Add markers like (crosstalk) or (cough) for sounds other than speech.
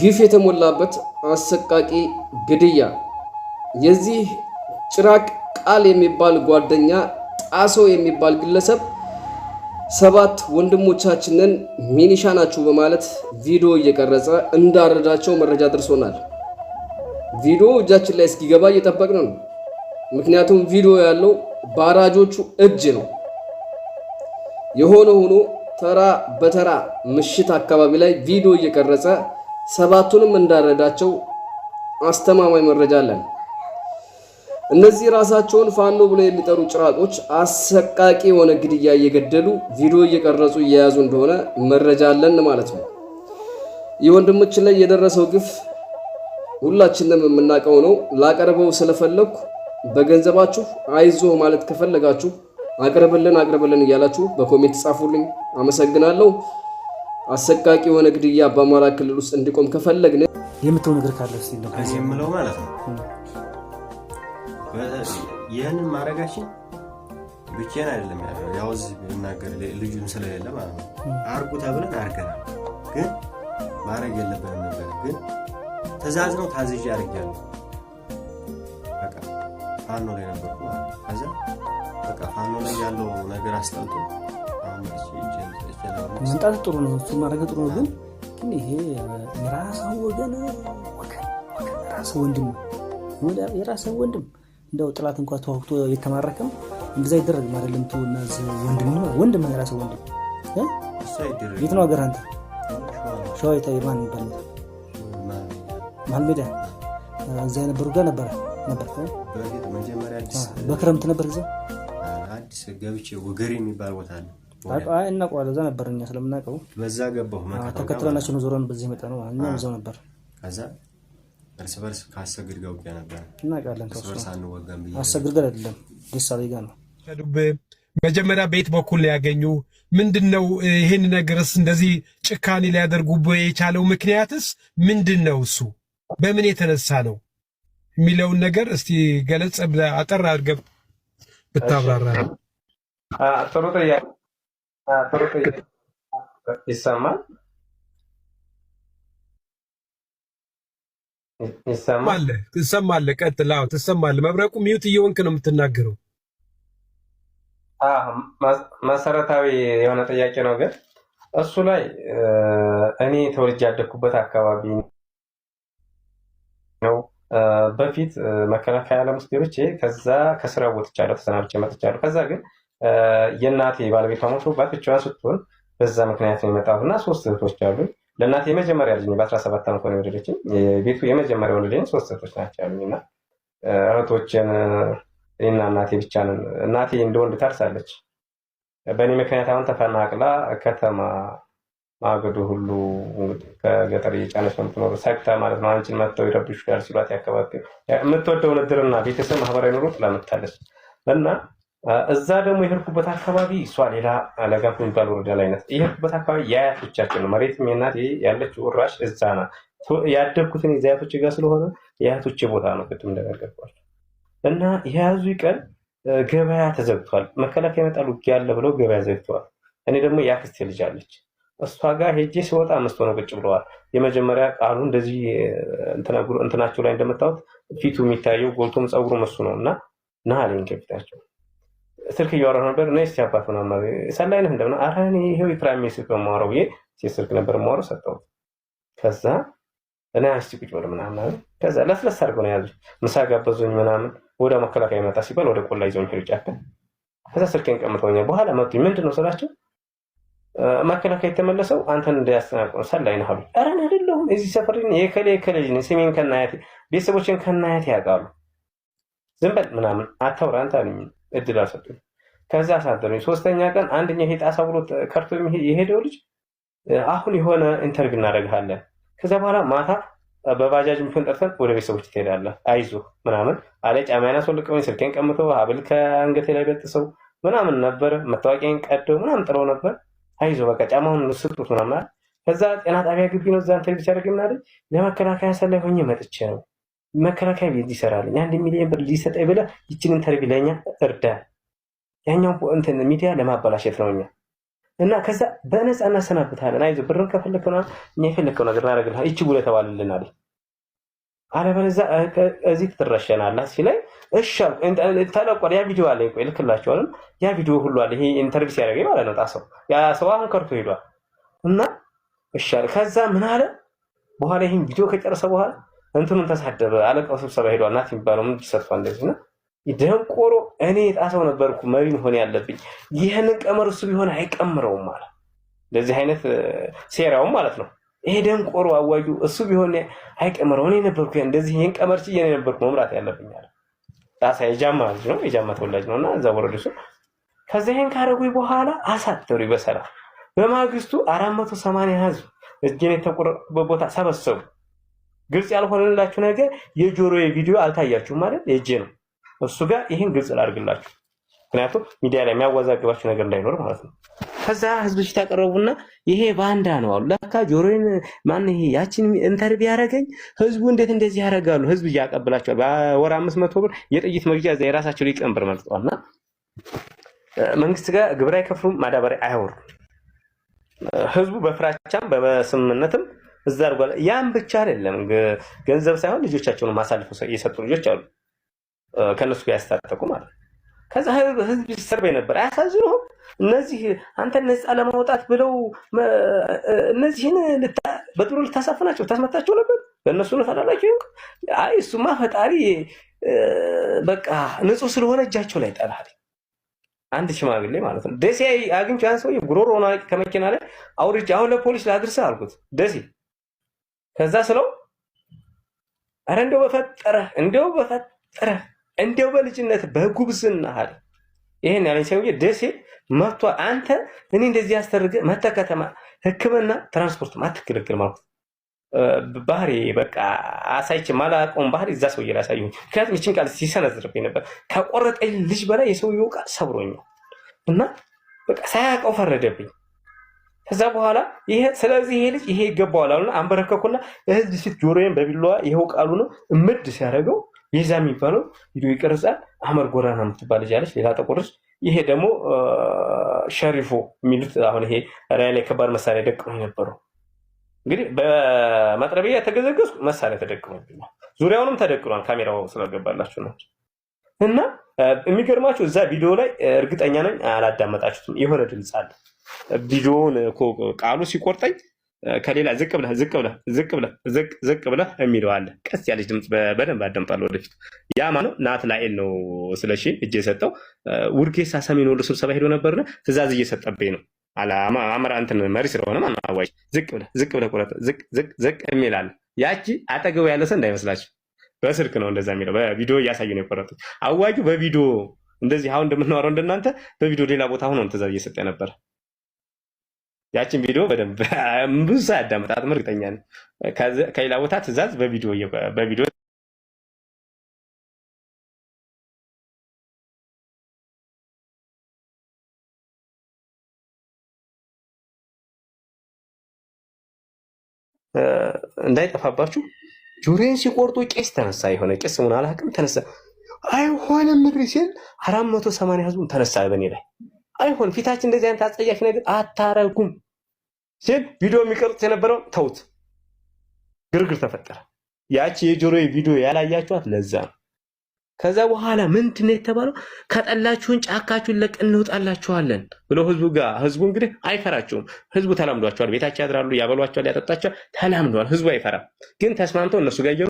ግፍ የተሞላበት አሰቃቂ ግድያ። የዚህ ጭራቅ ቃል የሚባል ጓደኛ ጣሶ የሚባል ግለሰብ ሰባት ወንድሞቻችንን ሚኒሻ ናችሁ በማለት ቪዲዮ እየቀረጸ እንዳረዳቸው መረጃ ደርሶናል። ቪዲዮ እጃችን ላይ እስኪገባ እየጠበቅን ነው። ምክንያቱም ቪዲዮ ያለው በአራጆቹ እጅ ነው። የሆነ ሆኖ ተራ በተራ ምሽት አካባቢ ላይ ቪዲዮ እየቀረጸ ሰባቱንም እንዳረዳቸው አስተማማኝ መረጃ አለን። እነዚህ ራሳቸውን ፋኖ ብለው የሚጠሩ ጭራቆች አሰቃቂ የሆነ ግድያ እየገደሉ ቪዲዮ እየቀረጹ እየያዙ እንደሆነ መረጃ አለን ማለት ነው። የወንድሞችን ላይ የደረሰው ግፍ ሁላችንም የምናውቀው ነው። ላቀርበው ስለፈለግኩ በገንዘባችሁ አይዞ ማለት ከፈለጋችሁ አቅርብልን አቅርብልን እያላችሁ በኮሜንት ጻፉልኝ። አመሰግናለሁ። አሰቃቂ የሆነ ግድያ በአማራ ክልል ውስጥ እንዲቆም ከፈለግን የምትው ነገር ካለ ስ የምለው ማለት ነው ይህንን ማድረጋችን ብቻዬን አይደለም ያውዝ እዚህ ብናገር ልጁም ስለሌለ ማለት ነው አርጉ ተብለን አድርገናል። ግን ማድረግ የለብንም ነበር። ግን ትእዛዝ ነው ታዝዥ አድርጊያለሁ። በቃ ፋኖ ላይ ነበርኩ ማለት ከዛ በቃ ፋኖ ላይ ያለው ነገር አስጠልቶ መምጣት ጥሩ ነው፣ እሱ ማድረግ ጥሩ ነው። ግን ግን ይሄ የራስህ ወገን የራስህ ወንድም የራስህ ወንድም እንደው ጥላት እንኳ ተዋግቶ የተማረከም እንደዛ አይደረግም። አይደለም ትውና ወንድም ወንድም የራስህ ወንድም የት ነው ሀገር አንተ ሸዋ የታየ ማን ይባል ማልሜዳ ሜዳ እዛ የነበሩ ጋር ነበረ ነበር በክረምት ነበር ጊዜ አዲስ ገብቼ ወገሬ የሚባል ቦታ ነው እናውቀዋለን። እዛ ነበር እኛ ስለምናውቀው በዛ ገባሁ ተከትለናቸው ዞረን በዚህ መጣ ነው። እኛም እዛው ነበር። ከዛ እርስ በርስ ከአሰግድ ጋር ውጊያ ነበር። እናውቃለን። እርስ በርስ አንወጋም። አሰግድ ጋር አይደለም ደስ አለኝ ጋር ነው ከዱቤ መጀመሪያ ቤት በኩል ያገኙ ምንድን ነው? ይህን ነገርስ እንደዚህ ጭካኔ ሊያደርጉ የቻለው ምክንያትስ ምንድን ነው? እሱ በምን የተነሳ ነው የሚለውን ነገር እስቲ ገለጽ አጠር አድርገህ ብታብራራ ጥሩ ጥያቄ ይሰማል ah, ይሰማል ትሰማለህ። ቀጥል። አዎ ትሰማለህ። መብረቁ ሚዩት እየሆንክ ነው የምትናገረው። መሰረታዊ የሆነ ጥያቄ ነው ግን እሱ ላይ እኔ ተወልጄ ያደግኩበት አካባቢ ነው። በፊት መከላከያ ዓለም ከዛ ከስራ ወጥቻለሁ፣ ተሰናብቼ መጥቻለሁ። ከዛ ግን የእናቴ ባለቤቷ ሞቶባት ብቻዋን ስትሆን በዛ ምክንያት ነው የመጣሁት እና ሶስት እህቶች አሉ። ለእናቴ የመጀመሪያ ልጅ በአስራ ሰባት ዓመት ነው የወለደችኝ። ቤቱ የመጀመሪያ ወለደኝ። ሶስት እህቶች ናቸው ያሉኝ እና እህቶችን እና እናቴ ብቻ ነን። እናቴ እንደ ወንድ ታርሳለች። በእኔ ምክንያት አሁን ተፈናቅላ ከተማ ማገዶ ሁሉ ከገጠር እየጫነች ነው የምትኖረው። ሰግታ ማለት ነው። አንቺን መጥተው ይረብሹ ያል ሲሏት ያከባቢ የምትወደውን ዕድርና ቤተሰብ ማህበራዊ ኑሮ ጥላ መታለች እና እዛ ደግሞ የሄድኩበት አካባቢ እሷ ሌላ አለጋ የሚባል ወረዳ ላይ ናት። የሄድኩበት አካባቢ የአያቶቻችን መሬት የእናቴ ያለችው ራሽ እዛ ናት። ያደግኩትን የዚ ጋር ስለሆነ የአያቶቼ ቦታ ነው። ቅድም እንደነገርኳቸው እና የያዙ ቀን ገበያ ተዘግቷል። መከላከያ ይመጣል ውጊያ አለ ብለው ገበያ ዘግተዋል። እኔ ደግሞ የአክስቴ ልጅ አለች። እሷ ጋር ሄጄ ሲወጣ አምስት ሆነው ቁጭ ብለዋል። የመጀመሪያ ቃሉ እንደዚህ እንትናቸው ላይ እንደመታወት ፊቱ የሚታየው ጎልቶም ፀጉሩ መሱ ነው እና ና አለኝ ከፊታቸው ስልክ እያወራሁ ነበር እና ስ አባት ምናምን ሰላይ አይነት እንደምና ኧረ ይሄው ይኸው የፕራይሜ ስልክ ነው ብዬ ሴት ስልክ ነበር ማረው ሰጠሁት። ከዛ እና አንስቲ ቁጭ በል ምናምን ከዛ ለስለስ አድርገው ነው ያዙኝ። ምሳ ጋበዙኝ ምናምን ወደ መከላከያ መጣ ሲባል ወደ ቆላ ይዘውኝ ሄዱ ጫካ። ከዛ ስልኬን ቀምተውኛል። በኋላ መጡኝ። ምንድን ነው ስላቸው መከላከያ የተመለሰው አንተን እንዳያስተናቅነው ሰላይ ነህ አሉ። ኧረ እኔ አይደለሁም እዚህ ሰፈር የከሌ የከሌ ስሜን ከናያት ቤተሰቦችን ከናያት ያውቃሉ። ዝም በል ምናምን አታውራ አንተ አሉኝ። እድል አልሰጡኝ። ከዛ አሳደሩኝ። ሶስተኛ ቀን አንደኛ ይሄ ጣሳ ብሎ ከርቶ የሄደው ልጅ አሁን የሆነ ኢንተርቪው እናደርግሃለን፣ ከዛ በኋላ ማታ በባጃጅ ምፍን ጠርተን ወደ ቤተሰቦች ትሄዳለህ፣ አይዞ ምናምን አለ። ጫማዬን አስወልቀውኝ፣ ስልኬን ቀምቶ ሀብል ከአንገቴ ላይ በጥሰው ምናምን ነበር። መታወቂያን ቀደው ምናምን ጥለው ነበር። አይዞ በቃ ጫማውን ስጡት ምናምን። ከዛ ጤና ጣቢያ ግቢ ነው እዛ ኢንተርቪው ሲያደርግ ምናለ ለመከላከያ ሰላይ ሆኜ መጥቼ ነው መከላከያ ቤት ይሰራልኝ አንድ ሚሊዮን ብር ሊሰጠኝ ብለህ ይችን ኢንተርቪው ለእኛ እርዳን ያኛው እንትን ሚዲያ ለማበላሸት ነው እኛ እና ከዛ በነፃ እናሰናብታለን። አይዞህ ብርን ከፈለክ እኛ የፈለከው ነገር እናደርግልሃል። ይቺ ጉለ ተባልልን አለ። አለበለዚያ እዚህ ትረሸናለህ ሲለኝ እሺ ተለቋል። ያ ቪዲዮ አለ፣ ቆይ ልክላቸዋልም። ያ ቪዲዮ ሁሉ አለ። ይሄ ኢንተርቪው ሲያደርገኝ ማለት ነው። ጣሰው ያ ሰው አሁን ከርቶ ሄዷል። እና እሺ አለ። ከዛ ምን አለ በኋላ ይህን ቪዲዮ ከጨረሰ በኋላ እንትኑን ተሳደበ። አለቃው ስብሰባ ሄዷል። ናት የሚባለው ምን ሰጥቷ እንደዚህ ነው ደንቆሮ እኔ የጣሰው ነበርኩ መሪ መሆን ያለብኝ። ይህንን ቀመር እሱ ቢሆን አይቀምረውም ማለት እንደዚህ አይነት ሴራውም ማለት ነው። ይሄ ደንቆሮ አዋጁ እሱ ቢሆን አይቀምረው፣ እኔ ነበርኩ እንደዚህ ይህን ቀመር ችዬ እኔ ነበርኩ መምራት ያለብኝ አለ። ጣሳ የጃማ ልጅ ነው፣ የጃማ ተወላጅ ነው እና እዛ ወረደ እሱ። ከዚያ ይህን ካረጉ በኋላ አሳተሩ በሰላም በማግስቱ አራት መቶ ሰማንያ ህዝብ እጅን የተቆረጡበት ቦታ ሰበሰቡ። ግልጽ ያልሆነላችሁ ነገር የጆሮ ቪዲዮ አልታያችሁም ማለት የእጄ ነው እሱ ጋር ይህን ግልጽ ላድርግላችሁ። ምክንያቱም ሚዲያ ላይ የሚያወዛግባችሁ ነገር እንዳይኖር ማለት ነው። ከዛ ህዝብ ፊት ያቀረቡና ይሄ ባንዳ ነው አሉ። ለካ ጆሮዬን ማን ይሄ ያችን ኢንተርቪ ያደረገኝ ህዝቡ እንዴት እንደዚህ ያደርጋሉ? ህዝብ እያቀብላቸዋል። በወር አምስት መቶ ብር የጥይት መግዣ እዛ የራሳቸው ሊቀንብር መልጠዋል። እና መንግስት ጋር ግብር አይከፍሉም፣ ማዳበሪያ አያወርዱም። ህዝቡ በፍራቻም በስምምነትም እዛ አድርጓል። ያን ብቻ አይደለም ገንዘብ ሳይሆን ልጆቻቸውን ማሳልፈው የሰጡ ልጆች አሉ። ከእነሱ ጋር ያስታጠቁ ማለት ነው። ከዛ ህዝብ ሲሰርበኝ ነበር። አያሳዝኑም? እነዚህ አንተን ነፃ ለማውጣት ብለው እነዚህን በጥሩ ልታሳፍናቸው ታስመታቸው ነበር። በእነሱ ንፈላላቸው። አይ እሱማ ፈጣሪ በቃ ንጹህ ስለሆነ እጃቸው ላይ ጠላል። አንድ ሽማግሌ ማለት ነው ደሴ አግኝቼ ያን ሰውዬ ጉሮሮ ሆኖ ከመኪና ላይ አውርጄ አሁን ለፖሊስ ላድርሰህ አልኩት ደሴ። ከዛ ስለው ኧረ እንደው በፈጠረ እንደው በፈጠረ እንደው በልጅነት በጉብዝና አለ ይሄን ያለኝ ሰውዬ ደሴ መቶ አንተ እኔ እንደዚህ ያስተርገ መተ ከተማ ህክምና ትራንስፖርት አትገለግል ማለት ባህሪ በቃ አሳይች ማላቀውን ባህሪ እዛ ሰውዬ ላሳዩ። ምክንያቱም ይችን ቃል ሲሰነዝርብኝ ነበር ከቆረጠኝ ልጅ በላይ የሰውየው ቃል ሰብሮኛል እና በቃ ሳያውቀው ፈረደብኝ። ከዛ በኋላ ይሄ ስለዚህ ይሄ ልጅ ይሄ ይገባዋል አሉና አንበረከኩና ህዝብ ፊት ጆሮዬን በቢላዋ ይኸው ቃሉ ነው እምድ ሲያደርገው ይዛ የሚባለው ቪዲዮ ይቀርጻል። አመር ጎዳና የምትባል ልጅ አለች፣ ሌላ ጠቆረች። ይሄ ደግሞ ሸሪፎ የሚሉት አሁን ይሄ ራያ ላይ ከባድ መሳሪያ ደቅሞ የነበረው እንግዲህ በመጥረቢያ የተገዘገዝኩ መሳሪያ ተደቅሞብኛል። ዙሪያውንም ተደቅኗል። ካሜራው ስለገባላችሁ ናቸው እና የሚገርማችሁ እዛ ቪዲዮ ላይ እርግጠኛ ነኝ አላዳመጣችሁትም። የሆነ ድምፅ አለ ቪዲዮውን ቃሉ ሲቆርጠኝ ከሌላ ዝቅ ብለህ ዝቅ ብለህ ዝቅ ብለህ ዝቅ ዝቅ ብለህ የሚለው አለ። ቀስ ያለች ድምፅ በደንብ አዳምጣለሁ ወደፊት። ያ ማ ነው ናት ላኤል ነው ስለሺ እጅ የሰጠው ውርጌሳ ሰሜን ወሎ ስብሰባ ሄዶ ነበርና ትእዛዝ እየሰጠብኝ ነው አመራ እንትን መሪ ስለሆነ ማናዋጭ ዝቅ ብለህ ዝቅ ብለህ ቁረጥ ዝቅ ዝቅ ዝቅ የሚል አለ። ያቺ አጠገቡ ያለ ሰው እንዳይመስላችሁ በስልክ ነው እንደዛ የሚለው በቪዲዮ እያሳዩ ነው የቆረጡት። አዋጁ በቪዲዮ እንደዚህ አሁን እንደምናወራው እንደናንተ በቪዲዮ ሌላ ቦታ ሆኖ ትእዛዝ እየሰጠ ነበረ። ያችን ቪዲዮ በደንብ (laughs) ብዙ ሰው ያዳምጣት እርግጠኛ ነኝ። ከሌላ ቦታ ትእዛዝ በቪዲዮ እንዳይጠፋባችሁ ጆሮዬን ሲቆርጡ ቄስ ተነሳ። የሆነ ቄስ ምን አላውቅም ተነሳ። አይሆንም ምድሪ ሲል አራት መቶ ሰማንያ ህዝቡም ተነሳ በእኔ ላይ አይሆን ፊታችን እንደዚህ አይነት አጸያፊ ነገር አታረጉም ሲል ቪዲዮ የሚቀርጽ የነበረው ተውት፣ ግርግር ተፈጠረ። ያቺ የጆሮ ቪዲዮ ያላያችኋት ለዛ ነው። ከዛ በኋላ ምንድን ነው የተባለው? ከጠላችሁን ጫካችሁን ለቀን እንውጣላችኋለን ብሎ ህዝቡ ጋር ህዝቡ እንግዲህ አይፈራቸውም። ህዝቡ ተላምዷቸዋል። ቤታቸው ያድራሉ፣ ያበሏቸዋል፣ ያጠጣቸዋል። ተላምዷል። ህዝቡ አይፈራም። ግን ተስማምተው እነሱ ጋር